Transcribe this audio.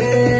yeah.